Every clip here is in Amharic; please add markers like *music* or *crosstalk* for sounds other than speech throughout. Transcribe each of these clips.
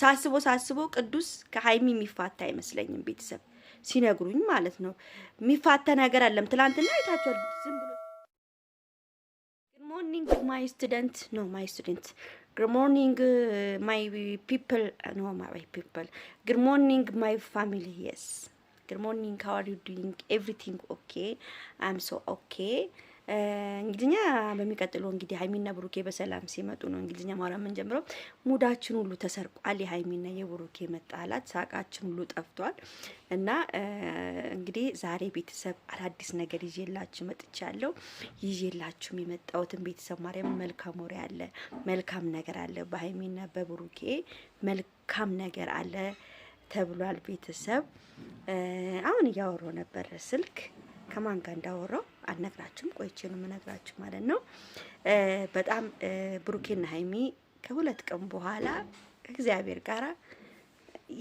ሳስቦ ሳስቦ ቅዱስ ከሀይሚ የሚፋታ አይመስለኝም። ቤተሰብ ሲነግሩኝ ማለት ነው የሚፋታ ነገር አለም። ትላንትና አይታቸዋል። ዝም ብሎ ጉድ ሞርኒንግ ማይ ስቱደንት ኖ ማይ ስቱደንት ጉድ ሞርኒንግ ማይ ፒፕል ኖ ማይ ፒፕል ጉድ ሞርኒንግ ማይ ፋሚሊ የስ ጉድ ሞርኒንግ ሃው አር ዩ ዱዊንግ ኤቭሪቲንግ ኦኬ አም ሶ ኦኬ እንግሊዝኛ በሚቀጥለው እንግዲህ ሀይሚና ብሩኬ በሰላም ሲመጡ ነው እንግሊዝኛ ማውራት የምንጀምረው። ሙዳችን ሁሉ ተሰርቋል። የሀይሚና የብሩኬ መጣላት ሳቃችን ሁሉ ጠፍቷል። እና እንግዲህ ዛሬ ቤተሰብ አዳዲስ ነገር ይዤላችሁ መጥቻለሁ። ይዤላችሁም የመጣሁትን ቤተሰብ ማርያም መልካም ወሬ አለ፣ መልካም ነገር አለ፣ በሀይሚና በብሩኬ መልካም ነገር አለ ተብሏል። ቤተሰብ አሁን እያወረው ነበረ ስልክ ከማን ጋር እንዳወራው አልነግራችሁም፣ ቆይቼ ነው የምነግራችሁ ማለት ነው። በጣም ብሩኬና ሀይሚ ከሁለት ቀን በኋላ ከእግዚአብሔር ጋራ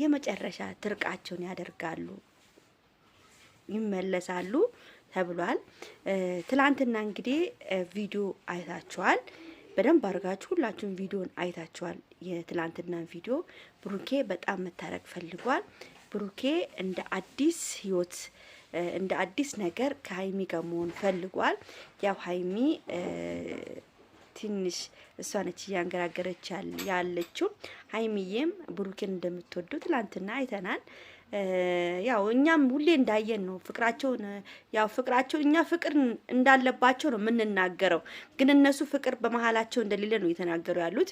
የመጨረሻ ትርቃቸውን ያደርጋሉ፣ ይመለሳሉ ተብሏል። ትላንትና እንግዲህ ቪዲዮ አይታችኋል። በደንብ አድርጋችሁ ሁላችሁም ቪዲዮን አይታችኋል። የትላንትና ቪዲዮ ብሩኬ በጣም መታረቅ ፈልጓል። ብሩኬ እንደ አዲስ ህይወት እንደ አዲስ ነገር ከሀይሚ ጋር መሆን ፈልጓል። ያው ሀይሚ ትንሽ እሷ ነች እያንገራገረች ያለችው። ሀይሚዬም ብሩኬን እንደምትወዱ ትላንትና አይተናል። ያው እኛም ሁሌ እንዳየን ነው ፍቅራቸውን ያው ፍቅራቸው እኛ ፍቅር እንዳለባቸው ነው የምንናገረው፣ ግን እነሱ ፍቅር በመሀላቸው እንደሌለ ነው እየተናገሩ ያሉት።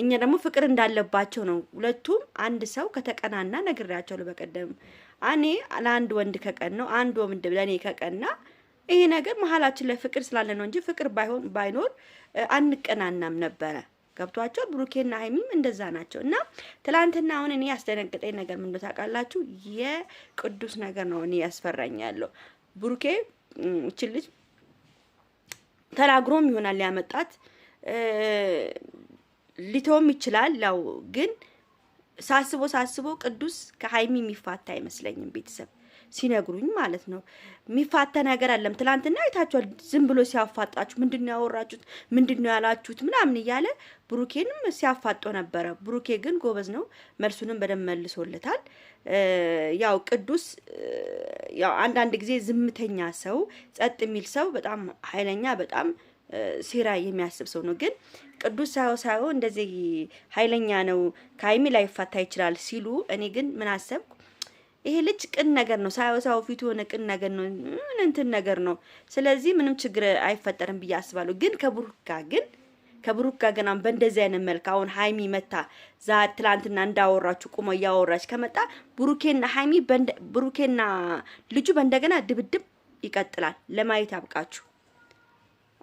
እኛ ደግሞ ፍቅር እንዳለባቸው ነው። ሁለቱም አንድ ሰው ከተቀናና ነግሬያቸው በቀደም እኔ ለአንድ ወንድ ከቀን ነው አንድ ወንድ ለእኔ ከቀና ይሄ ነገር መሀላችን ላይ ፍቅር ስላለ ነው እንጂ ፍቅር ባይሆን ባይኖር አንቀናናም ነበረ። ገብቷቸው ብሩኬና ሀይሚም እንደዛ ናቸው። እና ትላንትና አሁን እኔ ያስደነገጠኝ ነገር ምን ነው ታውቃላችሁ? የቅዱስ ነገር ነው እኔ ያስፈራኛለሁ። ብሩኬ እችን ልጅ ተናግሮም ይሆናል ያመጣት ሊተውም ይችላል ያው ግን ሳስቦ ሳስቦ ቅዱስ ከሀይሚ የሚፋታ አይመስለኝም። ቤተሰብ ሲነግሩኝ ማለት ነው። የሚፋታ ነገር አለም። ትላንትና አይታችኋል። ዝም ብሎ ሲያፋጣችሁ ምንድን ነው ያወራችሁት? ምንድን ነው ያላችሁት? ምናምን እያለ ብሩኬንም ሲያፋጦ ነበረ። ብሩኬ ግን ጎበዝ ነው፣ መልሱንም በደንብ መልሶለታል። ያው ቅዱስ ያው አንዳንድ ጊዜ ዝምተኛ ሰው፣ ጸጥ የሚል ሰው፣ በጣም ኃይለኛ በጣም ሴራ የሚያስብ ሰው ነው ግን ቅዱስ ሳሆ እንደዚህ ኃይለኛ ነው ከሀይሚ ላይ ይፋታ ይችላል ሲሉ፣ እኔ ግን ምን አሰብኩ፣ ይሄ ልጅ ቅን ነገር ነው። ሳሆ ሳሆ ፊቱ የሆነ ቅን ነገር ነው፣ ምን እንትን ነገር ነው። ስለዚህ ምንም ችግር አይፈጠርም ብዬ አስባለሁ። ግን ከብሩክ ግን ከብሩክ ግን አሁን በእንደዚህ አይነት መልክ አሁን ሀይሚ መታ ዛ ትላንትና እንዳወራችሁ ቁመ እያወራች ከመጣ ብሩኬና ሀይሚ ብሩኬና ልጁ በእንደገና ድብድብ ይቀጥላል። ለማየት ያብቃችሁ።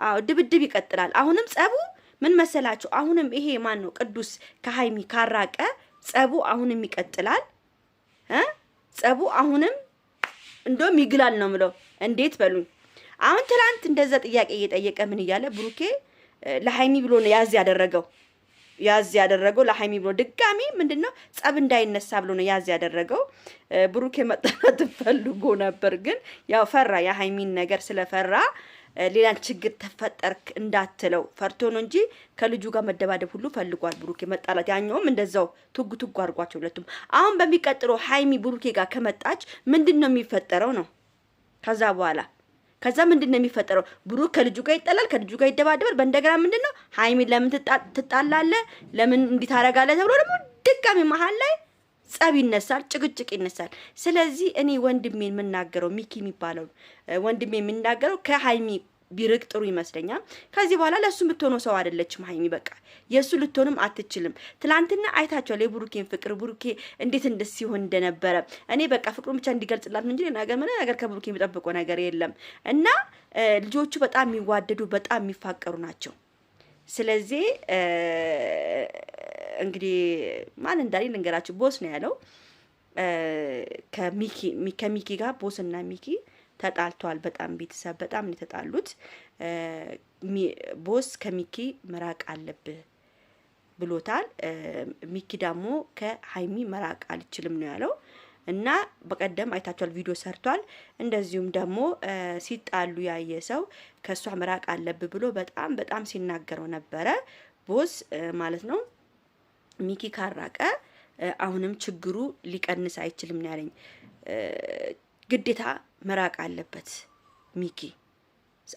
አዎ ድብድብ ይቀጥላል። አሁንም ጸቡ ምን መሰላችሁ? አሁንም ይሄ ማን ነው ቅዱስ ከሀይሚ ካራቀ ጸቡ አሁንም ይቀጥላል። ጸቡ አሁንም እንደውም ይግላል ነው ምለው። እንዴት በሉኝ። አሁን ትላንት እንደዛ ጥያቄ እየጠየቀ ምን እያለ ብሩኬ ለሀይሚ ብሎ ነው ያዝ ያደረገው ያዝ ያደረገው ለሀይሚ ብሎ ድጋሚ ምንድን ነው ጸብ እንዳይነሳ ብሎ ነው ያዝ ያደረገው። ብሩኬ መጠናት *laughs* ፈልጎ ነበር፣ ግን ያው ፈራ የሀይሚን ነገር ስለፈራ ሌላን ችግር ተፈጠርክ እንዳትለው ፈርቶ ነው እንጂ ከልጁ ጋር መደባደብ ሁሉ ፈልጓል ብሩኬ መጣላት። ያኛውም እንደዛው ቱግ ቱግ አድርጓቸው ሁለቱም። አሁን በሚቀጥለው ሀይሚ ብሩኬ ጋር ከመጣች ምንድን ነው የሚፈጠረው ነው ከዛ በኋላ ከዛ ምንድን ነው የሚፈጠረው? ብሩክ ከልጁ ጋር ይጠላል፣ ከልጁ ጋር ይደባደባል። በእንደገና ምንድን ነው ሀይሚን ለምን ትጣላለህ፣ ለምን እንዲታረጋለ? ተብሎ ደግሞ ድጋሚ መሀል ላይ ጸብ ይነሳል፣ ጭቅጭቅ ይነሳል። ስለዚህ እኔ ወንድሜ የምናገረው ሚኪ የሚባለው ወንድሜ የሚናገረው ከሀይሚ ቢርቅ ጥሩ ይመስለኛል። ከዚህ በኋላ ለእሱ የምትሆነው ሰው አይደለችም ሀይሚ። በቃ የእሱ ልትሆንም አትችልም። ትላንትና አይታቸዋል የቡሩኬን ፍቅር ቡሩኬ እንዴት እንደ ሲሆን እንደነበረ እኔ በቃ ፍቅሩን ብቻ እንዲገልጽላት እንጂ ነገር ምን ነገር ከቡሩኬ የሚጠብቀው ነገር የለም እና ልጆቹ በጣም የሚዋደዱ በጣም የሚፋቀሩ ናቸው። ስለዚህ እንግዲህ ማን እንዳለ ልንገራችሁ። ቦስ ነው ያለው ከሚኪ ጋር ቦስ እና ሚኪ ተጣልቷል። በጣም ቤተሰብ በጣም ነው የተጣሉት። ቦስ ከሚኪ መራቅ አለብህ ብሎታል። ሚኪ ደግሞ ከሀይሚ መራቅ አልችልም ነው ያለው እና በቀደም አይታችኋል፣ ቪዲዮ ሰርቷል። እንደዚሁም ደግሞ ሲጣሉ ያየ ሰው ከእሷ መራቅ አለብህ ብሎ በጣም በጣም ሲናገረው ነበረ ቦስ ማለት ነው። ሚኪ ካራቀ አሁንም ችግሩ ሊቀንስ አይችልም ነው ያለኝ። ግዴታ መራቅ አለበት ሚኪ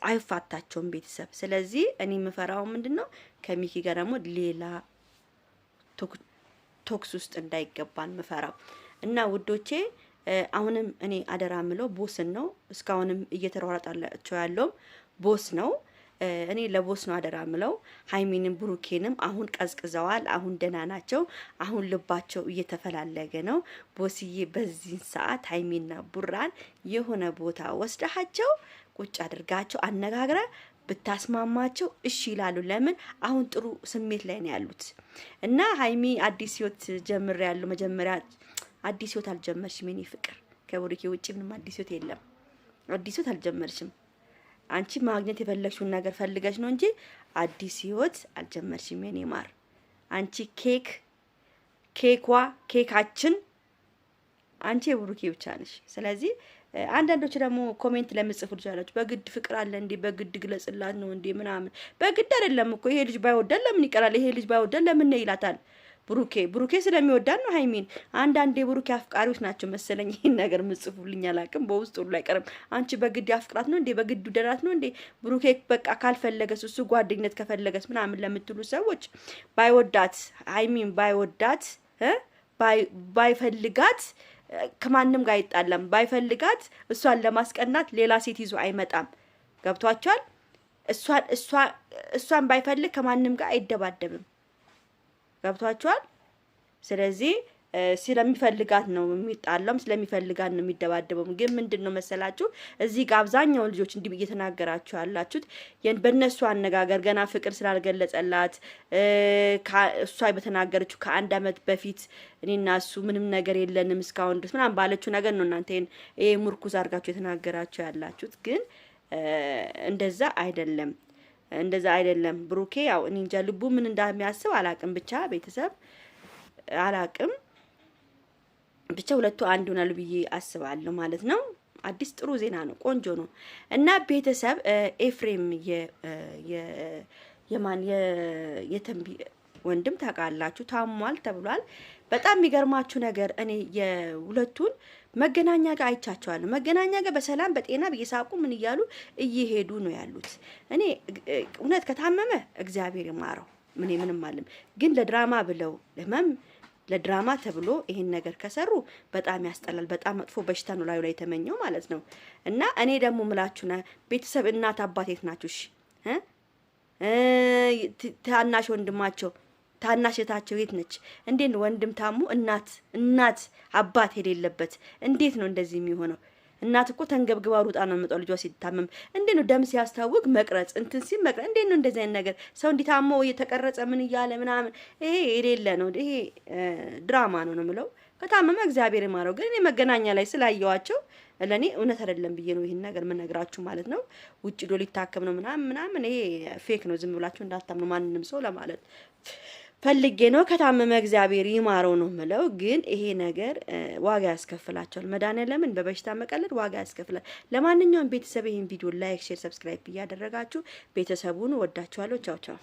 አይፋታቸውም ቤተሰብ። ስለዚህ እኔ የምፈራው ምንድን ነው ከሚኪ ጋር ደግሞ ሌላ ቶክስ ውስጥ እንዳይገባን ምፈራው እና ውዶቼ አሁንም እኔ አደራ ምለው ቦስን ነው። እስካሁንም እየተሯሯጣላቸው ያለውም ቦስ ነው። እኔ ለቦስ ነው አደራ ምለው ሀይሚንም ብሩኬንም አሁን ቀዝቅዘዋል። አሁን ደህና ናቸው። አሁን ልባቸው እየተፈላለገ ነው። ቦስዬ በዚህን ሰዓት ሀይሚና ቡራን የሆነ ቦታ ወስደሃቸው ቁጭ አድርጋቸው አነጋግረ ብታስማማቸው እሺ ይላሉ። ለምን አሁን ጥሩ ስሜት ላይ ነው ያሉት እና ሀይሚ አዲስ ህይወት ጀምር ያሉ መጀመሪያ አዲስ ህይወት አልጀመርሽም የኔ ፍቅር ከቡሪኬ ውጭ ምንም አዲስ ህይወት የለም። አዲስ ህይወት አልጀመርሽም። አንቺ ማግኘት የፈለግሽውን ነገር ፈልገሽ ነው እንጂ አዲስ ህይወት አልጀመርሽም የኔ ማር። አንቺ ኬክ ኬኳ ኬካችን አንቺ የብሩኬ ብቻ ነሽ። ስለዚህ አንዳንዶች ደግሞ ኮሜንት ለምጽፉ ልጅ አላችሁ፣ በግድ ፍቅር አለ እንዴ? በግድ ግለጽላት ነው እንዴ? ምናምን በግድ አይደለም እኮ ይሄ ልጅ ባይወደን ለምን ይቀራል? ይሄ ልጅ ባይወደን ለምን ይላታል? ብሩኬ ብሩኬ ስለሚወዳት ነው ሀይሚን። አንዳንድ የብሩኬ አፍቃሪዎች ናቸው መሰለኝ ይህን ነገር ምጽፉልኝ አላቅም። በውስጥ ሁሉ አይቀርም። አንቺ በግድ አፍቅራት ነው እንዴ? በግድ ውደዳት ነው እንዴ? ብሩኬ በቃ ካልፈለገስ እሱ ጓደኝነት ከፈለገስ ምናምን ለምትሉ ሰዎች ባይወዳት ሀይሚን ባይወዳት ባይፈልጋት ከማንም ጋር አይጣላም። ባይፈልጋት እሷን ለማስቀናት ሌላ ሴት ይዞ አይመጣም። ገብቷቸዋል። እሷን ባይፈልግ ከማንም ጋር አይደባደብም። ገብቷቸዋል። ስለዚህ ስለሚፈልጋት ነው የሚጣላውም፣ ስለሚፈልጋት ነው የሚደባደበውም። ግን ምንድን ነው መሰላችሁ እዚህ ጋር አብዛኛው ልጆች እንዲህ እየተናገራችሁ ያላችሁት በእነሱ አነጋገር ገና ፍቅር ስላልገለጸላት እሷ በተናገረችው ከአንድ አመት በፊት እኔና እሱ ምንም ነገር የለንም እስካሁን ድረስ ምናምን ባለችው ነገር ነው እናንተ ይሄ ሙርኩዝ አድርጋችሁ የተናገራችሁ ያላችሁት። ግን እንደዛ አይደለም። እንደዛ አይደለም ብሩኬ። ያው እኔ እንጃ ልቡ ምን እንደሚያስብ አላቅም። ብቻ ቤተሰብ አላቅም። ብቻ ሁለቱ አንድ ይሆናሉ ብዬ አስባለሁ ማለት ነው። አዲስ ጥሩ ዜና ነው፣ ቆንጆ ነው እና ቤተሰብ ኤፍሬም የማን የተንቢ ወንድም ታውቃላችሁ ታሟል ተብሏል። በጣም የሚገርማችሁ ነገር እኔ የሁለቱን መገናኛ ጋር አይቻቸዋለሁ። መገናኛ ጋር በሰላም በጤና እየሳቁ ምን እያሉ እየሄዱ ነው ያሉት። እኔ እውነት ከታመመ እግዚአብሔር ይማረው ምን ምንም አለም፣ ግን ለድራማ ብለው ህመም ለድራማ ተብሎ ይሄን ነገር ከሰሩ በጣም ያስጠላል። በጣም መጥፎ በሽታ ነው ላዩ ላይ የተመኘው ማለት ነው። እና እኔ ደግሞ ምላችሁ ቤተሰብ እናት አባቴት ናችሁ ታናሽ ወንድማቸው ታናሽ ታናሸታቸው የት ነች? እንዴት ነው ወንድም ታሙ እናት እናት አባት የሌለበት እንዴት ነው እንደዚህ የሚሆነው? እናት እኮ ተንገብግባ ሩጣ ነው የምጠው ልጇ ሲታመም። እንዴት ነው ደም ሲያስታውቅ መቅረጽ እንትን ሲል መቅረጽ እንዴት ነው እንደዚህ አይነት ነገር ሰው ታሞ እየተቀረጸ ምን እያለ ምናምን፣ ይሄ የሌለ ነው። ይሄ ድራማ ነው ነው የምለው። ከታመመ እግዚአብሔር ይማረው። ግን እኔ መገናኛ ላይ ስላየዋቸው ለእኔ እውነት አይደለም ብዬ ነው ይህን ነገር የምነግራችሁ ማለት ነው። ውጭ ዶ ሊታከም ነው ምናምን ምናምን፣ ይሄ ፌክ ነው። ዝም ብላችሁ እንዳታምኑ ማንንም ሰው ለማለት ፈልጌ ነው ከታመመ እግዚአብሔር ይማረው ነው ምለው። ግን ይሄ ነገር ዋጋ ያስከፍላቸዋል። መድኃኒዓለምን በበሽታ መቀለድ ዋጋ ያስከፍላል። ለማንኛውም ቤተሰብ ይህን ቪዲዮ ላይክ፣ ሼር፣ ሰብስክራይብ እያደረጋችሁ ቤተሰቡን ወዳችኋለሁ። ቻው ቻው።